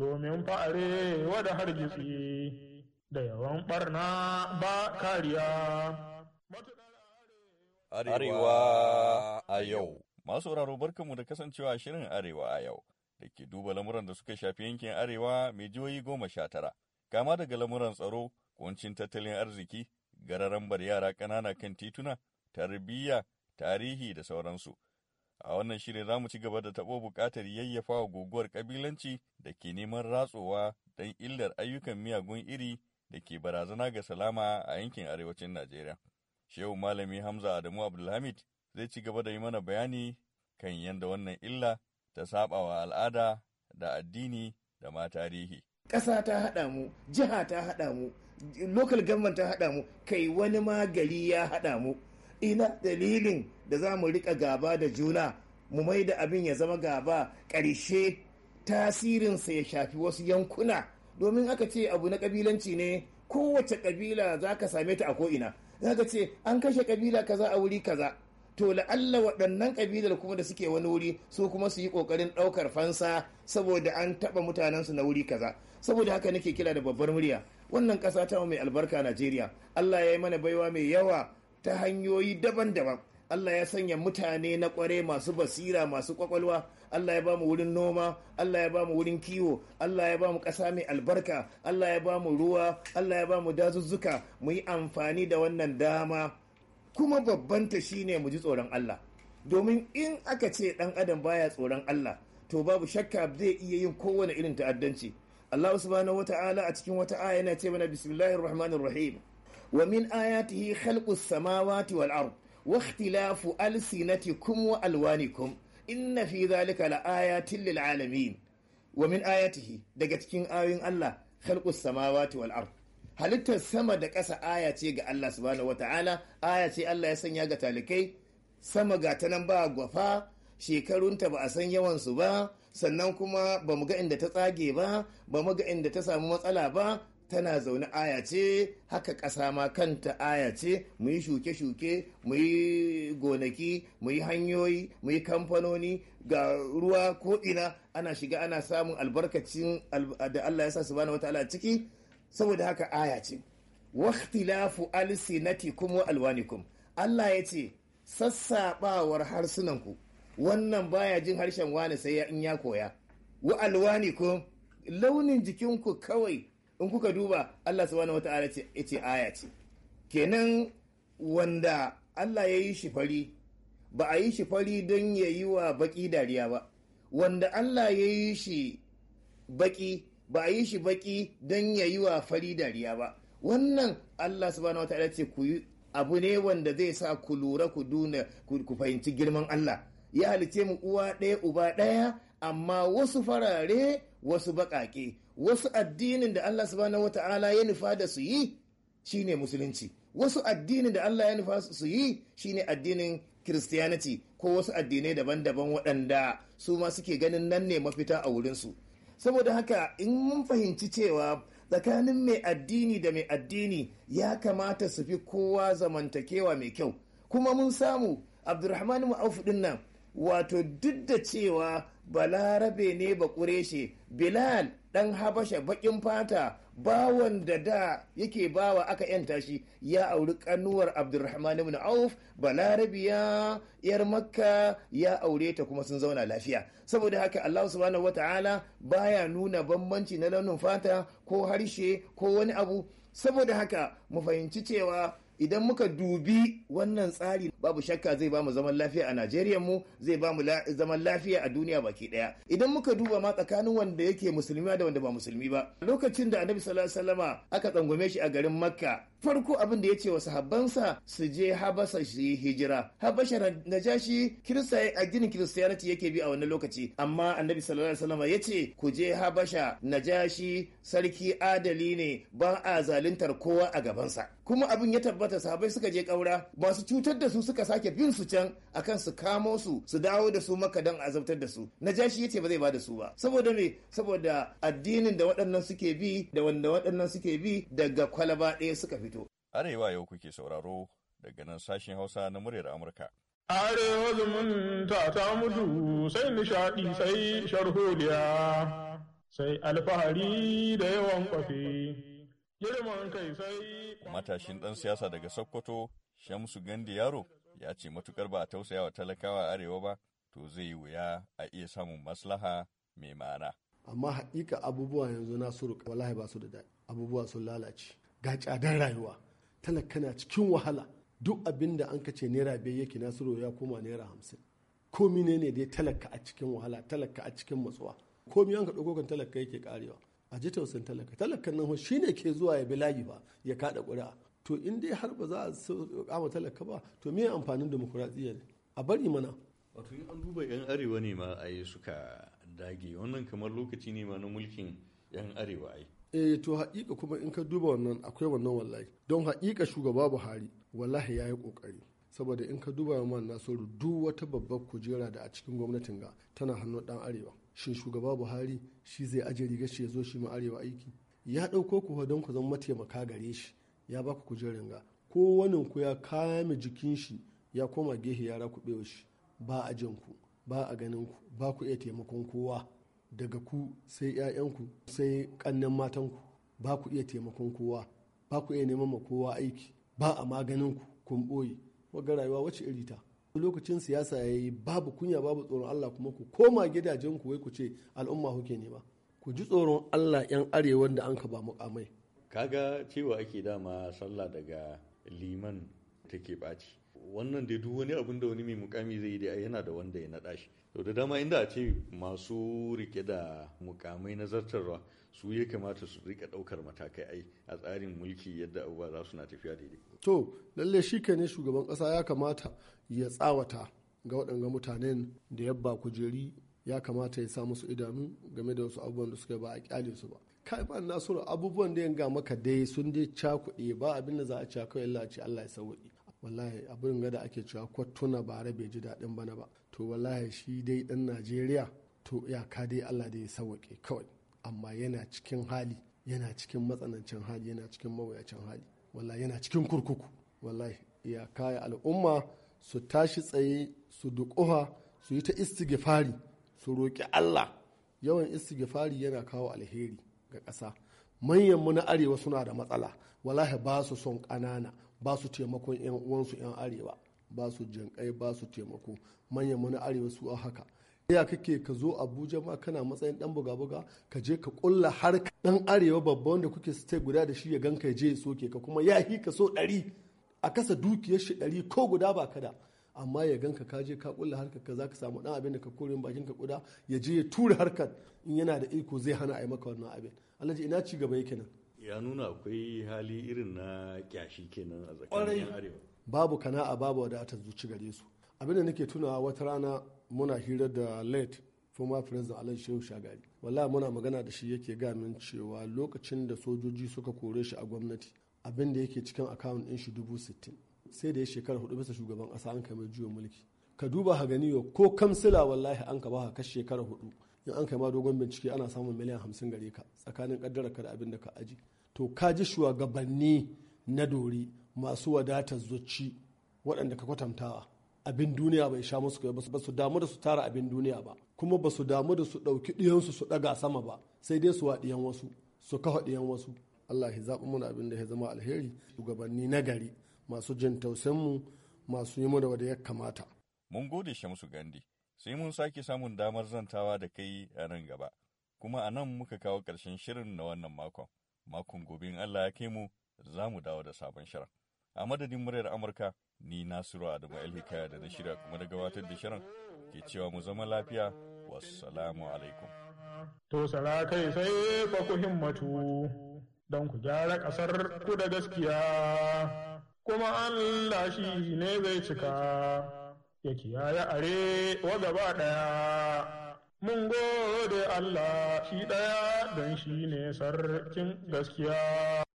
domin fa'are wadda hargitsi da yawan ɓarna ba kariya. Arewa a yau Masu sauraro barkanmu da kasancewa shirin Arewa a yau da ke duba lamuran da suka shafi yankin Arewa mai jihohi goma sha tara. Kama daga lamuran tsaro, kuncin tattalin arziki, gararan bar yara ƙanana kan tituna, tarbiyya, tarihi da sauransu. A wannan shirin za mu ci gaba da taɓo bukatar yayyafa wa guguwar kabilanci da ke neman ratsowa don illar ayyukan miyagun iri da ke barazana ga salama a yankin arewacin Najeriya. Shehu Malami Hamza Adamu Abdulhamid zai ci gaba da yi mana bayani kan yadda wannan illa ta wa al'ada da addini da ma tarihi. ƙasa ta haɗa mu jiha ta haɗa mu local government ta haɗa mu kai wani ma gari ya haɗa mu ina dalilin da za mu riƙa gaba da juna mu mai da abin ya zama gaba ƙarshe tasirinsa ya shafi wasu yankuna domin aka ce abu na kabilanci ne kowace ƙabila za ka same ta a ko'ina za ka ce an kashe kabila kaza a wuri kaza to la'alla waɗannan kabilar kuma da suke wani wuri su kuma su yi ƙoƙarin ɗaukar fansa saboda an taɓa mutanensu na wuri kaza saboda haka nake kira da babbar murya wannan ƙasa ta mai albarka najeriya allah ya yi mana baiwa mai yawa ta hanyoyi daban-daban Allah ya sanya mutane na kware masu basira masu kwakwalwa Allah ya ba mu wurin noma Allah ya ba mu wurin kiwo Allah ya ba mu ƙasa mai albarka Allah ya ba mu ruwa Allah ya ba mu dazuzzuka mu yi amfani da wannan dama kuma babbanta shine mu ji tsoron Allah domin in aka ce ɗan adam baya tsoron Allah to babu shakka zai iya yin kowane irin ta'addanci Allah subhanahu wata'ala a cikin wata aya yana ce mana bismillahir rahmanir rahim wa min ayatihi khalqus samawati wal ard wa ikhtilafu alsinatikum wa alwanikum inna fi dhalika la ayatin lil alamin wa min ayatihi daga cikin ayoyin Allah khalqus samawati wal ard halittar sama da ƙasa aya ce ga Allah subhanahu aya ce Allah ya sanya ga talikai sama ga ta nan ba gwafa shekarunta ba a san yawansu ba sannan kuma ba mu ga inda ta tsage ba ba mu ga inda ta samu matsala ba tana zaune aya ce haka ƙasa ma kanta aya ce mu yi shuke-shuke mu yi gonaki mu yi hanyoyi mu yi kamfanoni ga ruwa ko ina ana shiga ana samun albarkacin da Allah ya sa su bani wata ciki saboda haka aya ce waktilafu alsinatikum kuma alwanikum Allah ya ce sassaɓawar harsunanku wannan baya jin harshen wani sai in ya koya wa alwanikum launin jikinku kawai in kuka duba Allah subhanahu wata'ala ce ce aya ce kenan wanda Allah ya yi shi fari ba a yi shi fari don ya yi wa baki dariya ba wanda Allah ya yi shi baki ba a yi shi baki don ya yi wa fari dariya ba wannan Allah subhanahu wata'ala ce ku yi abu ne wanda zai sa ku lura ku duna ku fahimci girman Allah ya halice mu uwa ɗaya uba ɗaya amma wasu farare wasu baƙaƙe wasu addinin da Allah subhanahu wata'ala ya nufa da su yi shine musulunci wasu addinin da Allah ya nufa su yi shine addinin kiristiyaniti ko wasu addinai daban-daban waɗanda su ma suke ganin nan ne mafita a wurinsu saboda haka in mun fahimci cewa tsakanin mai addini da mai addini ya kamata su fi kowa zamantakewa mai kyau kuma mun samu abdurrahman ma'auf nan wato duk da cewa balarabe ne ba ƙureshe bilal ɗan habasha baƙin fata bawan da da yake bawa aka yanta shi ya auri kanuwar abdulrahman ibn auf balarabiya yar makka ya aure ta kuma sun zauna lafiya saboda haka allah subhanahu wataala baya nuna bambanci na launin fata ko harshe ko wani abu saboda haka mu fahimci cewa idan muka dubi wannan tsari babu shakka zai bamu zaman lafiya a Najeriya mu zai bamu zaman lafiya a duniya baki daya idan muka duba ma tsakanin wanda yake musulmi da wanda ba musulmi ba lokacin da Annabi sallallahu alaihi wasallama aka tsangwame shi a garin Makka farko abin da ya ce wa sahabbansa su je habasa shi hijira habasha najashi kirista a ginin kiristiyaniti yake bi a wannan lokaci amma annabi sallallahu alaihi wasallama ya ce ku je habasha najashi sarki adali ne ba a zaluntar kowa a gabansa kuma abin ya tabbata sahabbai suka je kaura masu cutar da su suka sake bin su can akan su kamo su su dawo da su maka don azabtar da su najashi yace ba zai ba da su ba saboda me saboda addinin da waɗannan suke bi da wanda waɗannan suke bi daga kwalaba ɗaya suka fito arewa yau kuke sauraro daga nan sashen hausa na muryar amurka arewa zumunta ta mutu sai nishaɗi sai sharholiya sai alfahari da yawan kwafi girman kai sai matashin ɗan siyasa daga sokoto shamsu gandi yaro ya ce matukar ba a tausaya wa talakawa arewa ba to zai yi wuya a iya samun maslaha mai ma'ana. Amma haƙiƙa abubuwa yanzu na suru wallahi ba su da daɗi abubuwa sun lalace ga tsadar rayuwa talaka na cikin wahala duk abin da an kace naira biyar yake nasiru ya koma naira hamsin Ko ne ne dai talaka a cikin wahala talaka a cikin matsuwa komi an ka ɗauko talaka yake karewa a ji tausayin talaka talakan nan shi ne ke zuwa ya bi layi ba ya kaɗa ƙuri'a to in dai har ba za a kama talaka ba to me amfanin demokuraɗiyya ne a bari mana wato yi an duba yan arewa ne ma a suka dage wannan kamar lokaci ne ma na mulkin yan arewa ai eh to haƙiƙa kuma in ka duba wannan akwai wannan wallahi don haƙiƙa shugaba buhari wallahi ya yi ƙoƙari saboda in ka duba man nasiru duk wata babbar kujera da a cikin gwamnatin ga tana hannun ɗan arewa shin shugaba buhari shi zai aje riga shi ya zo shi ma arewa aiki ya ɗauko kuwa don ku zama mataimaka gare shi ya baka kujerin ga kowanin ku ya kame jikin shi ya koma gehe ya rakuɓe shi ba a jin ku ba a ganin ku ba ku iya taimakon kowa daga ku sai 'ya'yanku sai matan matanku ba ku iya taimakon kowa ba ku iya neman ma kowa aiki ba a maganin ku kun ɓoye wagga rayuwa wacce iri ta lokacin siyasa ya yi babu kunya babu tsoron Allah kuma ku koma gidajen ku wai ku ce al'umma kuke nema ku ji tsoron Allah 'yan arewa da an ka ba mukamai kaga cewa ake dama sallah daga liman take ɓaci wannan dai duk wani abin da wani mai mukami zai yi da yana da wanda ya naɗa shi to da dama inda a ce masu rike da mukamai na zartarwa su ya kamata su rika ɗaukar matakai ai a tsarin mulki yadda abubuwa za su na tafiya daidai to lalle shi ne shugaban ƙasa ya kamata ya tsawata ga waɗanga mutanen da yabba kujeri ya kamata ya sa musu idanu game da wasu abubuwan da suka ba a kyale su ba kai ba nasiru abubuwan da yanga maka dai sun dai cakuɗe ba abin da za a kawai Allah ya ce Allah ya sauki wallahi abin da ake cewa kwattuna bara bai ji daɗin bana ba to wallahi shi dai dan najeriya to iyaka dai allah da ya sauke kawai amma yana cikin hali yana cikin matsanancin hali yana cikin mawuyacin hali wallahi yana cikin kurkuku wallahi iyaka ya al'umma su tashi tsaye su duƙuha su yi ta istighfari su roƙi allah yawan istighfari yana kawo alheri ga ƙasa manyanmu na arewa suna da matsala wallahi ba su son ƙanana ba su taimakon 'yan uwansu 'yan arewa ba su jinƙai ba su taimako manyanmu na arewa su a haka ya kake ka zo abuja ma kana matsayin dan buga-buga ka je ka kulla har dan arewa babba wanda kuke stay guda da shi ya ganka ya je ya soke ka kuma ya hi ka so ɗari a kasa dukiyar shi ɗari ko guda ba kada amma ya ganka ka je ka kulla harkar ka zaka samu dan abin da ka kore bakin ka kuda ya je ya tura harkar in yana da iko zai hana a yi maka wannan abin ji ina ci gaba yake nan ya nuna akwai hali irin na kyashi kenan a tsakanin arewa babu kana'a babu ta zuci gare su abin da nake tunawa wata rana muna hira da late former president alhaji shehu shagari wallahi muna magana da shi yake ga min cewa lokacin da sojoji suka kore shi a gwamnati abin da yake cikin akawun ɗin shi dubu sittin sai da ya shekara hudu bisa shugaban ƙasa an kai mai juyin mulki ka duba ha gani ko kamsila wallahi an ka ba ka shekara hudu in an kai ma dogon bincike ana samun miliyan hamsin gare ka tsakanin kaddarar ka da abin da ka aji to ka ji shugabanni na dori masu wadatar zuci waɗanda ka kwatantawa abin duniya bai sha musu ba su damu da su tara abin duniya ba kuma ba su damu da su ɗauki ɗiyansu su ɗaga sama ba sai dai su waɗiyan wasu su kafa ɗiyan wasu Allah ya zaɓi mana abin da ya zama alheri shugabanni na gari masu jin tausanmu masu yi mu da wadda ya kamata. Mun gode Shamsu Gandi, sai mun sake samun damar zantawa da kai a nan gaba. Kuma a nan muka kawo ƙarshen shirin na wannan makon. Makon gobe in Allah ya kai mu za mu dawo da sabon shirin. A madadin muryar Amurka, ni Nasiru Adamu Alhikaya da na shirya kuma da gabatar da shirin ke cewa mu zama lafiya. Wassalamu alaikum. To kai sai fa ku himmatu don ku gyara ƙasar ku da gaskiya. kuma Allah shi ne zai cika ya kiyaye are wa gaba ɗaya. Mun gode Allah shi ɗaya don shi ne sarkin gaskiya.